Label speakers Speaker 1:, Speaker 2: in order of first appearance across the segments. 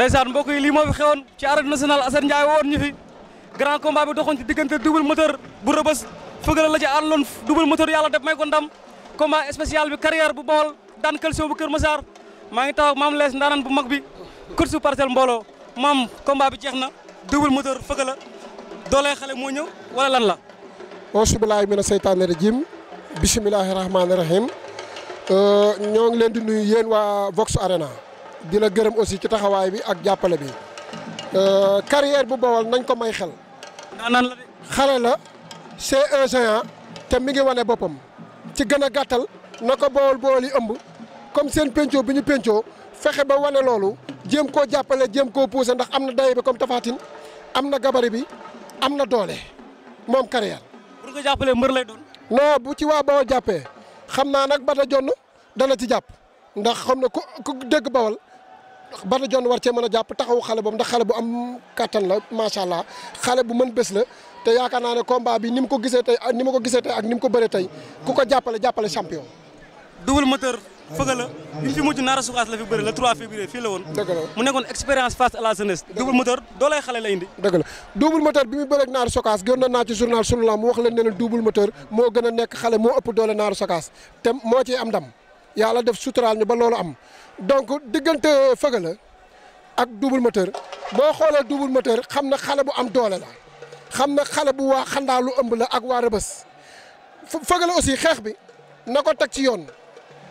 Speaker 1: ndeysaan mbokk yi lii moo fi xewoon ci arène nationale Assane Ndiaye woon ñu fi grand combat bi doxoon ci diggante double moteur bu rëbës fëgal la ci àlloon double moteur yàlla def may ko ndam combat spécial bi carrière bu bawol daan calcio bu Kër Massar maa ngi taw ak maam lees ndaanaan bu mag bi course su parcelle mbooloo maam combat bi jeex na double moteur fëgal la doolee xale moo ñëw wala lan la
Speaker 2: ausubilaahi mina seytaani rajim bisimilahi rahmaani rahim euh, ñoo ngi leen di nuyu yéen waa Vox dina gërëm aussi ci taxawaay bi ak jàppale bi euh, carrière bu Bawol nañ ko may xel. naan la xale la c'est un géant te mi ngi wane boppam ci gën a gàttal na ko Bawol Bawol yi ëmb comme seen pencoo bi ñu pencoo fexe ba wane loolu jéem koo jàppale jéem koo poussé ndax am na daye bi comme tafaatin am na gabari bi am na doole moom carrière. pour mbër lay doon. non bu ci waa Bawol jàppee xam naa nag bata jonn dana ci jàpp ndax xam na ko ku dégg bawal Bada Dione war cee mën a jàpp taxaw xale boobu ndax xale bu am kattan la macha allah xale bu mën bés la te yaakaar naa ne combat bi ni mu ko gisee tey ni ma ko gisee tey ak ni mu ko bëree tey ku ko jàppale jàppale champion.
Speaker 1: Double Moteur fëgg la bi fi mujj Nara Soukaas la fi bëri le 3 février fii la woon. dëgg la mu nekkoon expérience face à la jeunesse. Double Moteur doolay xale la indi.
Speaker 2: dëgg la Double Moteur bi mu bëreeg Nara Soukaas gën naa ci moo gën nekk xale moo ëpp doole Nara Soukaas te moo ciy am yàlla def suturaal ñu ba loolu am donc diggante Feugeula ak double moteur boo xoolee double moteur xam na xale bu am doole la xam na xale bu waa xandaa lu ëmb la ak waa rëbës Feugeula aussi xeex bi na ko teg ci yoon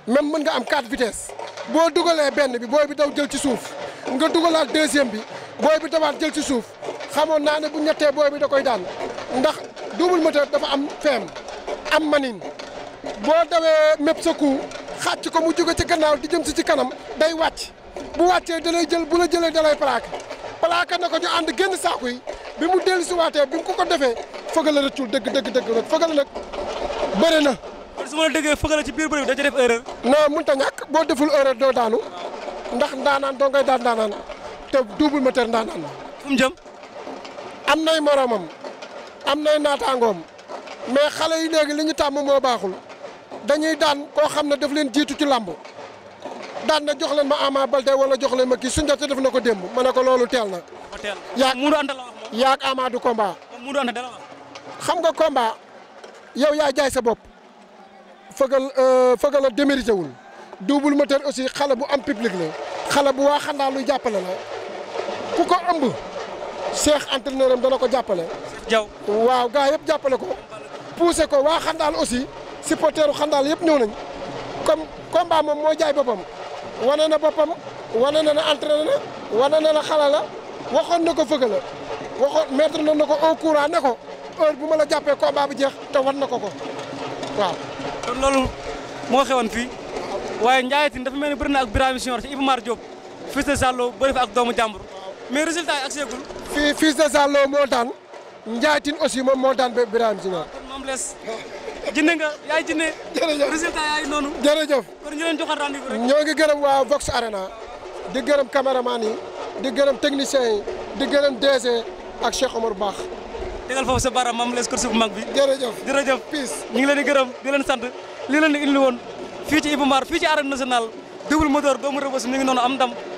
Speaker 2: même mën nga am quatre vitesses boo dugalee benn bi booy bi daw jël ci suuf nga dugalaat deuxième bi booy bi dawaat jël ci suuf xamoon naa ne bu ñettee booy bi da koy daan ndax double moteur dafa am feem am manin boo dawee mépp sa coup xàcc ko mu jóge ci gannaaw di jëm si ci kanam day wàcc bu wàccee da lay jël bu la jëlee da lay plaqué plaqué na ko ñu ànd génn saako yi bi mu dellu si waatee bi mu ko ko defee Feugeula rëccul dëgg dëgg dëgg nag Feugeula nag bëri na. su ma la déggee Feugeula ci biir bëri da ci def erreur. non mënut boo deful erreur doo daanu ndax ndaanaan doo ngay daan ndaanaan te double moteur ndaanaan la. fu mu jëm. am nay moromam am nay naataangoom mais xale yi léegi li ñu tàmm moo baaxul. dañuy daan koo xam ne daf leen jiitu ci làmb daan na jox leen ma Ama Baldé wala jox leen ma kii suñu jot def na ko démb ma ne ko loolu teel na. yaag oh, yaag Ama du combat. Oh, xam nga combat yow yaa jaay sa bopp fëgal euh, fëgal a démérité wul double moteur aussi xale bu am public la xale bu waa xandaa luy jàppale la ku ko ëmb seex entraîneur am dana ko jàppale. jaw waaw gaa yëpp jàppale ko. poussé ko waa xandaal aussi. supporteru xandaal yëpp ñëw nañ comme combat moom moo jaay boppam wane na boppam wane na na entraîné na wane na na xala la waxoon na ko fëgg la waxoon mettre na na ko au courant ko heure bu ma la jàppee combat bi jeex te wan na ko ko
Speaker 1: waaw. kon loolu moo xewoon fii waaye Ndiaye Tine dafa mel ni bëri na ak Birame Senior ci Iba Mar Diop fils de Zallo bëri fa ak doomu jàmbur mais résultat yi ak
Speaker 2: fii fils de Zallo moo daan aussi moom moo daan ba jinne nga yaay jinne jërëjëf résultat yaay noonu jërëjëf kon ñu leen joxal rendez ñoo ngi gërëm waa Vox Arena di gërëm caméraman yi di gërëm technicien di gërëm DG ak Cheikh Omar Baax tegal foofu sa baaraam maam les course bu mag bi jërëjëf jërëjëf peace ñu ngi leen di
Speaker 1: gërëm di leen sant lii leen di indi woon fii Mar fii ci arène nationale double doomu Rebeuss mi ngi noonu am dam